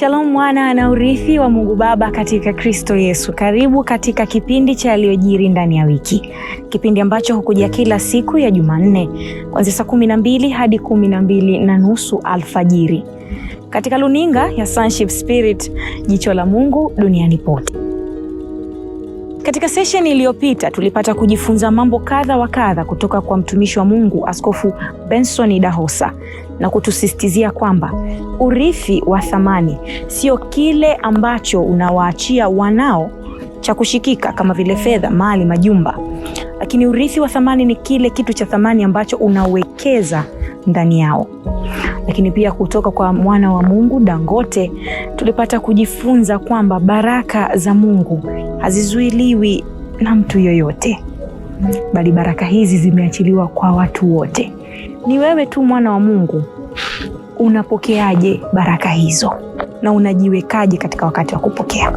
Shalom mwana na urithi wa Mungu Baba katika Kristo Yesu. Karibu katika kipindi cha yaliyojiri ndani ya wiki, kipindi ambacho hukuja kila siku ya Jumanne kuanzia saa kumi na mbili hadi kumi na mbili na nusu alfajiri katika luninga ya Sonship Spirit, jicho la Mungu duniani pote. Katika sesheni iliyopita tulipata kujifunza mambo kadha wa kadha kutoka kwa mtumishi wa Mungu Askofu Benson Dahosa na kutusistizia kwamba urithi wa thamani sio kile ambacho unawaachia wanao cha kushikika kama vile fedha, mali, majumba, lakini urithi wa thamani ni kile kitu cha thamani ambacho unawekeza ndani yao. Lakini pia kutoka kwa mwana wa Mungu Dangote tulipata kujifunza kwamba baraka za Mungu hazizuiliwi na mtu yoyote, bali baraka hizi zimeachiliwa kwa watu wote. Ni wewe tu mwana wa Mungu, unapokeaje baraka hizo na unajiwekaje katika wakati wa kupokea?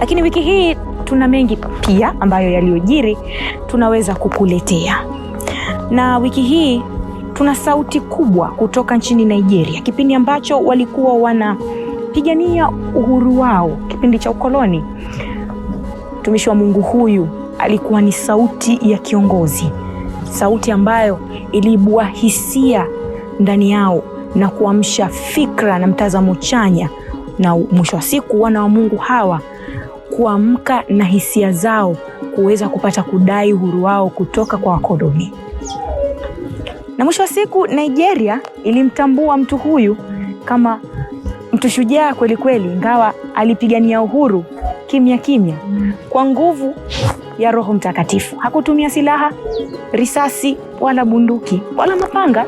Lakini wiki hii tuna mengi pia ambayo yaliyojiri tunaweza kukuletea, na wiki hii tuna sauti kubwa kutoka nchini Nigeria, kipindi ambacho walikuwa wanapigania uhuru wao kipindi cha ukoloni. Mtumishi wa Mungu huyu alikuwa ni sauti ya kiongozi sauti ambayo iliibua hisia ndani yao na kuamsha fikra na mtazamo chanya, na mwisho wa siku wana wa Mungu hawa kuamka na hisia zao kuweza kupata kudai uhuru wao kutoka kwa wakoloni. Na mwisho wa siku Nigeria ilimtambua mtu huyu kama mtu shujaa kweli kweli, ingawa alipigania uhuru kimya kimya kwa nguvu ya Roho Mtakatifu. Hakutumia silaha, risasi wala bunduki wala mapanga,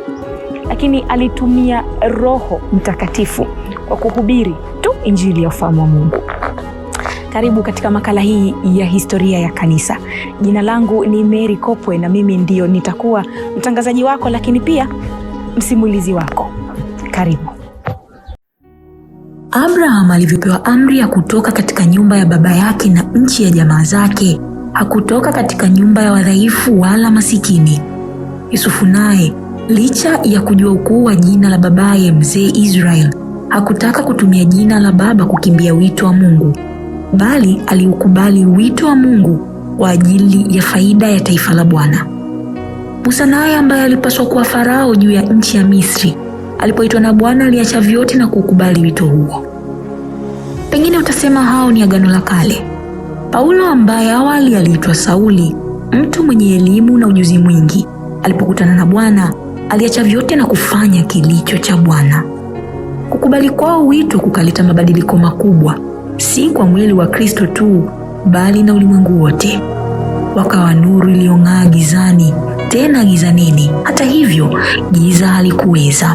lakini alitumia Roho Mtakatifu kwa kuhubiri tu injili ya ufalme wa Mungu. Karibu katika makala hii ya historia ya kanisa. Jina langu ni Mary Kopwe na mimi ndio nitakuwa mtangazaji wako, lakini pia msimulizi wako. Karibu. Abraham alivyopewa amri ya kutoka katika nyumba ya baba yake na nchi ya jamaa zake, hakutoka katika nyumba ya wadhaifu wala masikini. Yusufu naye licha ya kujua ukuu wa jina la babaye mzee israel hakutaka kutumia jina la baba kukimbia wito wa Mungu, bali aliukubali wito wa Mungu kwa ajili ya faida ya taifa la Bwana. Musa naye ambaye alipaswa kuwa farao juu ya nchi ya Misri, alipoitwa na Bwana aliacha vyote na kuukubali wito huo. Pengine utasema hao ni agano la kale. Paulo ambaye awali aliitwa Sauli, mtu mwenye elimu na ujuzi mwingi, alipokutana na Bwana aliacha vyote na kufanya kilicho cha Bwana. Kukubali kwao wito kukaleta mabadiliko makubwa, si kwa mwili wa Kristo tu, bali na ulimwengu wote. Wakawa nuru iliyong'aa gizani, tena gizanini. Hata hivyo, giza halikuweza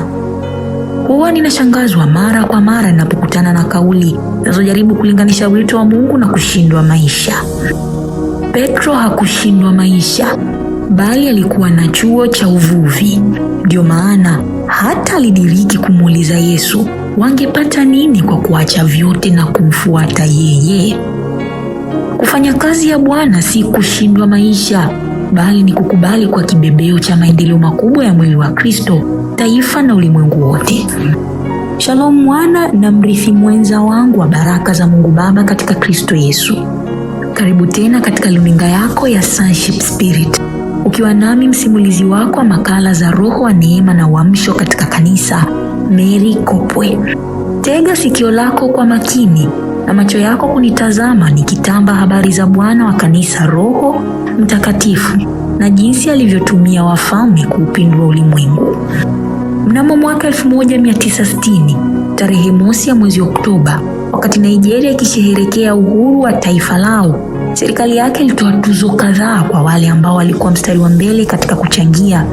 Huwa ninashangazwa mara kwa mara ninapokutana na kauli zinazojaribu kulinganisha wito wa Mungu na kushindwa maisha. Petro hakushindwa maisha, bali alikuwa na chuo cha uvuvi. ndio maana hata alidiriki kumuuliza Yesu wangepata nini kwa kuacha vyote na kumfuata yeye. Kufanya kazi ya Bwana si kushindwa maisha, bali ni kukubali kwa kibebeo cha maendeleo makubwa ya mwili wa Kristo taifa na ulimwengu wote. Shalom mwana na mrithi mwenza wangu wa baraka za Mungu Baba katika Kristo Yesu. Karibu tena katika luninga yako ya Sonship Spirit, ukiwa nami msimulizi wako wa makala za Roho wa neema na uamsho katika kanisa, Mary Kopwe. Tega sikio lako kwa makini na macho yako kunitazama nikitamba habari za Bwana wa kanisa, Roho Mtakatifu na jinsi alivyotumia wafalme kuupindua ulimwengu. Mnamo mwaka 1960 tarehe mosi ya mwezi Oktoba, wakati Nigeria ikisherehekea uhuru wa taifa lao, serikali yake ilitoa tuzo kadhaa kwa wale ambao walikuwa mstari wa mbele katika kuchangia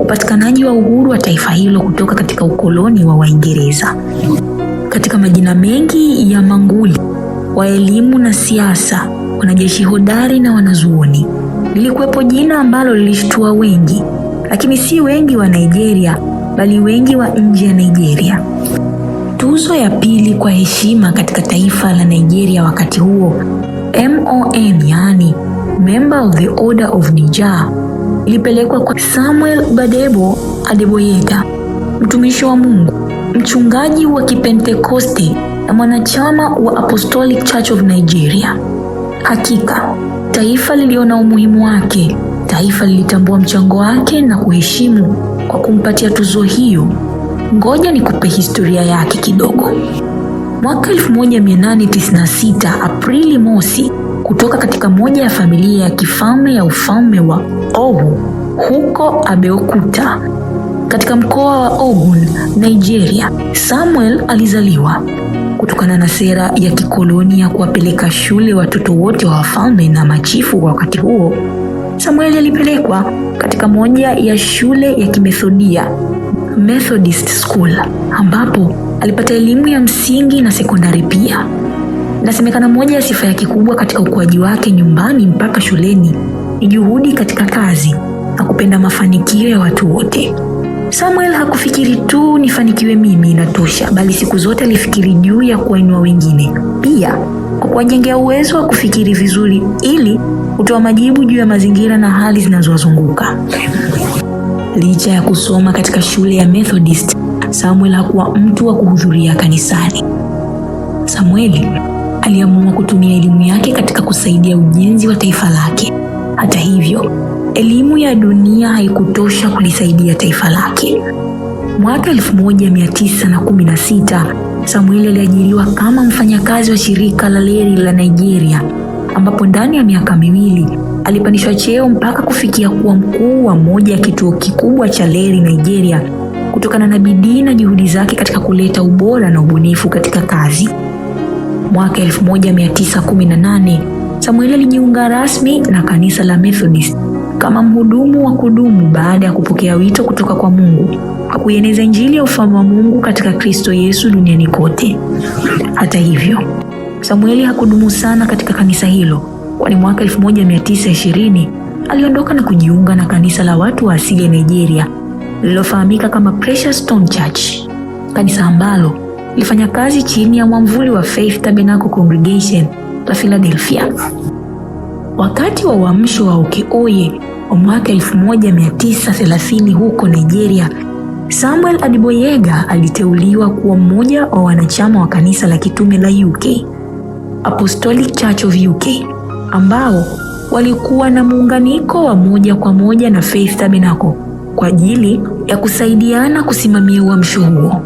upatikanaji wa uhuru wa taifa hilo kutoka katika ukoloni wa Waingereza. Katika majina mengi ya manguli wa elimu na siasa, wanajeshi hodari na wanazuoni, lilikuwepo jina ambalo lilishtua wengi, lakini si wengi wa Nigeria bali wengi wa nje ya Nigeria. Tuzo ya pili kwa heshima katika taifa la Nigeria wakati huo, MON yaani Member of the Order of Niger, ilipelekwa kwa Samuel badebo adeboyeta mtumishi wa Mungu, mchungaji wa Kipentekoste na mwanachama wa Apostolic Church of Nigeria. Hakika taifa liliona umuhimu wake, taifa lilitambua mchango wake na kuheshimu kwa kumpatia tuzo hiyo, ngoja nikupe historia yake kidogo. Mwaka 1896 Aprili mosi, kutoka katika moja ya familia ya kifalme ya ufalme wa Owu huko Abeokuta katika mkoa wa Ogun, Nigeria, Samuel alizaliwa. Kutokana na sera ya kikoloni ya kuwapeleka shule watoto wote wa wafalme na machifu wa wakati huo, Samueli alipelekwa katika moja ya shule ya Kimethodia, Methodist School, ambapo alipata elimu ya msingi na sekondari pia. Inasemekana moja ya sifa yake kubwa katika ukuaji wake nyumbani mpaka shuleni ni juhudi katika kazi na kupenda mafanikio ya watu wote. Samuel hakufikiri tu nifanikiwe mimi inatosha, bali siku zote alifikiri juu ya kuwainua wengine, pia kwa kuwajengea uwezo wa kufikiri vizuri ili kutoa majibu juu ya mazingira na hali zinazowazunguka. Licha ya kusoma katika shule ya Methodist, Samuel hakuwa mtu wa kuhudhuria kanisani. Samueli aliamua kutumia elimu yake katika kusaidia ujenzi wa taifa lake. Hata hivyo, elimu ya dunia haikutosha kulisaidia taifa lake. Mwaka 1916 Samueli aliajiriwa kama mfanyakazi wa shirika la reli la Nigeria ambapo ndani ya miaka miwili alipandishwa cheo mpaka kufikia kuwa mkuu wa moja ya kituo kikubwa cha leri Nigeria, kutokana na bidii na juhudi zake katika kuleta ubora na ubunifu katika kazi. Mwaka 1918 Samuel alijiunga rasmi na kanisa la Methodist kama mhudumu wa kudumu baada ya kupokea wito kutoka kwa Mungu kwa kuieneza Injili ya ufalme wa Mungu katika Kristo Yesu duniani kote. Hata hivyo Samueli hakudumu sana katika kanisa hilo, kwani mwaka 1920 aliondoka na kujiunga na kanisa la watu wa asili ya Nigeria lililofahamika kama Precious Stone Church, kanisa ambalo lilifanya kazi chini ya mwamvuli wa Faith Tabernacle Congregation la Philadelphia. Wakati wa uamsho wa Okeoye wa mwaka 1930 huko Nigeria, Samuel adiboyega aliteuliwa kuwa mmoja wa wanachama wa kanisa la kitume la UK. Apostolic Church of UK ambao walikuwa na muunganiko wa moja kwa moja na Faith Tabernacle kwa ajili ya kusaidiana kusimamia uamsho huo.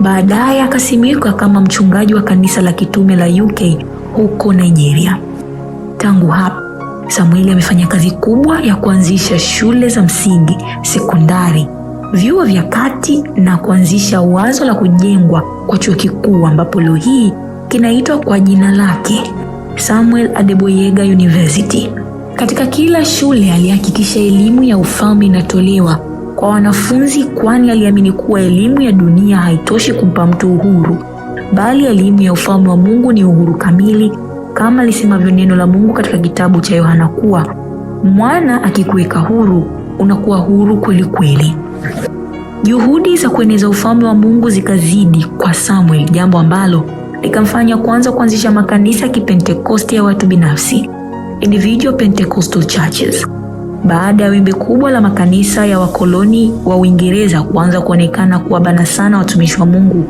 Baadaye akasimikwa kama mchungaji wa kanisa la kitume la UK huko Nigeria. Tangu hapo Samueli amefanya kazi kubwa ya kuanzisha shule za msingi, sekondari, vyuo vya kati na kuanzisha wazo la kujengwa kwa chuo kikuu ambapo leo hii kinaitwa kwa jina lake, Samuel Adeboyega University. Katika kila shule alihakikisha elimu ya ufalme inatolewa kwa wanafunzi, kwani aliamini kuwa elimu ya dunia haitoshi kumpa mtu uhuru, bali elimu ya ufalme wa Mungu ni uhuru kamili, kama lisemavyo neno la Mungu katika kitabu cha Yohana kuwa mwana akikuweka huru unakuwa huru kweli kweli. Juhudi za kueneza ufalme wa Mungu zikazidi kwa Samuel, jambo ambalo ikamfanya kwanza kuanzisha makanisa ya kipentekosti ya watu binafsi, individual pentecostal churches, baada ya wimbi kubwa la makanisa ya wakoloni wa Uingereza kuanza kuonekana kuwabana sana watumishi wa Mungu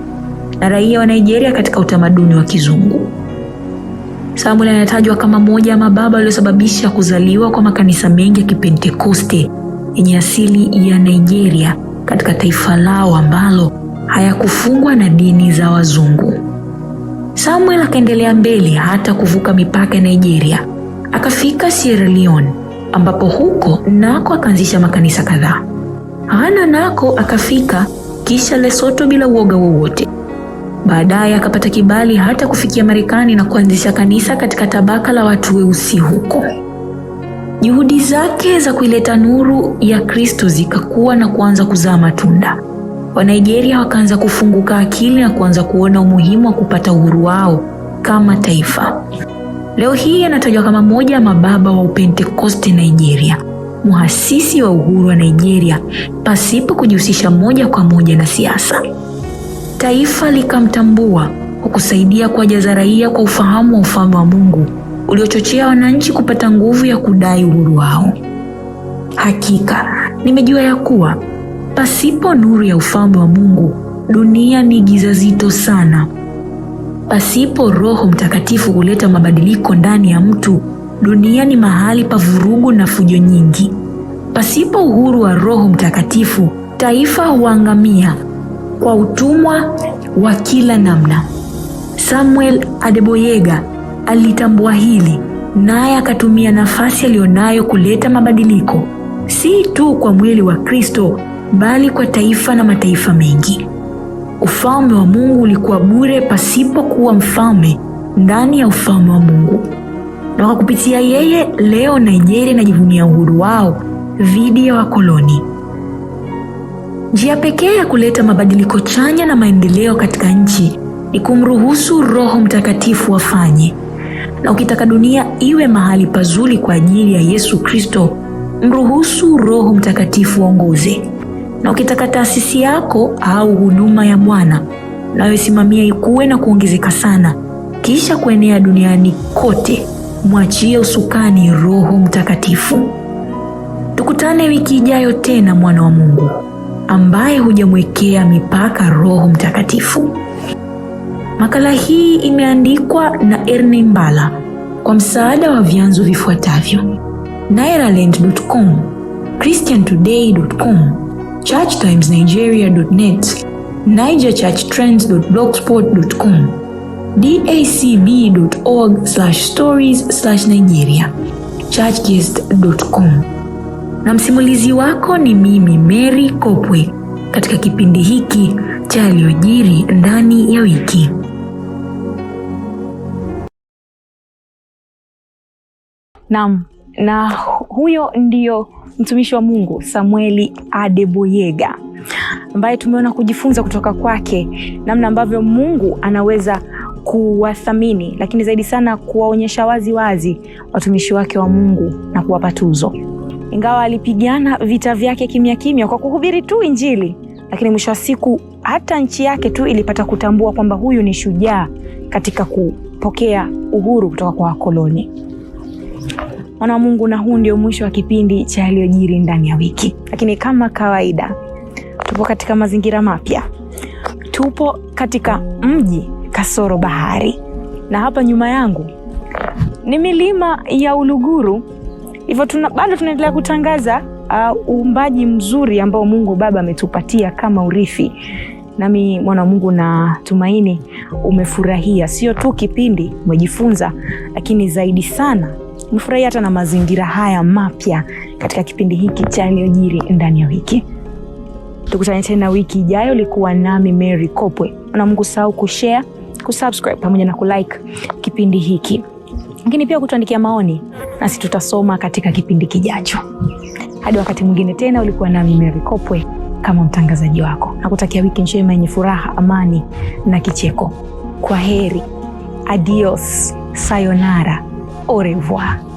na raia wa Nigeria katika utamaduni wa kizungu. Samuel anatajwa kama moja ya mababa aliyosababisha kuzaliwa kwa makanisa mengi ya kipentekoste yenye asili ya Nigeria katika taifa lao ambalo hayakufungwa na dini za wazungu. Samuel akaendelea mbele hata kuvuka mipaka ya Nigeria, akafika Sierra Leone, ambapo huko nako akaanzisha makanisa kadhaa. Ghana nako akafika, kisha Lesotho bila uoga wowote. Baadaye akapata kibali hata kufikia Marekani na kuanzisha kanisa katika tabaka la watu weusi huko. Juhudi zake za kuileta nuru ya Kristo zikakuwa na kuanza kuzaa matunda. Wanigeria wakaanza kufunguka akili na kuanza kuona umuhimu wa kupata uhuru wao kama taifa. Leo hii anatajwa kama mmoja ya mababa wa Upentekoste Nigeria, muhasisi wa uhuru wa Nigeria pasipo kujihusisha moja kwa moja na siasa. Taifa likamtambua kwa kusaidia kuwajaza raia kwa ufahamu wa ufalme wa Mungu uliochochea wananchi kupata nguvu ya kudai uhuru wao. Hakika nimejua ya kuwa Pasipo nuru ya ufalme wa Mungu, dunia ni giza zito sana. Pasipo Roho Mtakatifu kuleta mabadiliko ndani ya mtu, dunia ni mahali pa vurugu na fujo nyingi. Pasipo uhuru wa Roho Mtakatifu, taifa huangamia kwa utumwa wa kila namna. Samuel Adeboyega alitambua hili, naye akatumia nafasi aliyonayo kuleta mabadiliko, si tu kwa mwili wa Kristo bali kwa taifa na mataifa mengi. Ufalme wa Mungu ulikuwa bure pasipokuwa mfalme ndani ya ufalme wa Mungu, na kwa kupitia yeye leo Nigeria inajivunia uhuru wao dhidi ya wakoloni. Njia pekee ya kuleta mabadiliko chanya na maendeleo katika nchi ni kumruhusu Roho Mtakatifu afanye, na ukitaka dunia iwe mahali pazuri kwa ajili ya Yesu Kristo, mruhusu Roho Mtakatifu aongoze. Na ukitaka taasisi yako au huduma ya Bwana unayosimamia ikuwe na kuongezeka sana, kisha kuenea duniani kote, mwachie usukani Roho Mtakatifu. Tukutane wiki ijayo tena, mwana wa Mungu ambaye hujamwekea mipaka Roho Mtakatifu. Makala hii imeandikwa na Erne Mbala kwa msaada wa vyanzo vifuatavyo: nairaland.com, christiantoday.com churchtimesnigeria.net, nigerchurchtrends.blogspot.com, dacb.org slash stories slash nigeria, churchguest.com. Na msimulizi wako ni mimi Mary Kopwe katika kipindi hiki cha yaliyojiri ndani ya wiki. Naam, na huyo ndio mtumishi wa Mungu Samueli Adeboyega ambaye tumeona kujifunza kutoka kwake namna ambavyo Mungu anaweza kuwathamini, lakini zaidi sana kuwaonyesha wazi wazi watumishi wake wa Mungu na kuwapa tuzo. Ingawa alipigana vita vyake kimya kimya kwa kuhubiri tu Injili, lakini mwisho wa siku hata nchi yake tu ilipata kutambua kwamba huyu ni shujaa katika kupokea uhuru kutoka kwa wakoloni. Mwana wa Mungu, na huu ndio mwisho wa kipindi cha yaliyojiri ndani ya wiki, lakini kama kawaida, tupo katika mazingira mapya, tupo katika mji kasoro bahari, na hapa nyuma yangu ni milima ya Uluguru. Hivyo tuna, bado tunaendelea kutangaza uh, uumbaji uh, mzuri ambao Mungu Baba ametupatia kama urithi. Nami mwana wa Mungu, na tumaini umefurahia sio tu kipindi, umejifunza, lakini zaidi sana nifurahi hata na mazingira haya mapya katika kipindi hiki cha yaliyojiri ndani ya wiki. Tukutane tena wiki ijayo. Ulikuwa nami Mary Kopwe. Na msisahau kushare, kusubscribe pamoja na kulike kipindi hiki, lakini pia kutuandikia maoni, nasi tutasoma katika kipindi kijacho. Hadi wakati mwingine tena, ulikuwa nami Mary Kopwe kama mtangazaji wako. Nakutakia wiki njema yenye furaha, amani na kicheko. Kwa heri, adios, sayonara. au revoir.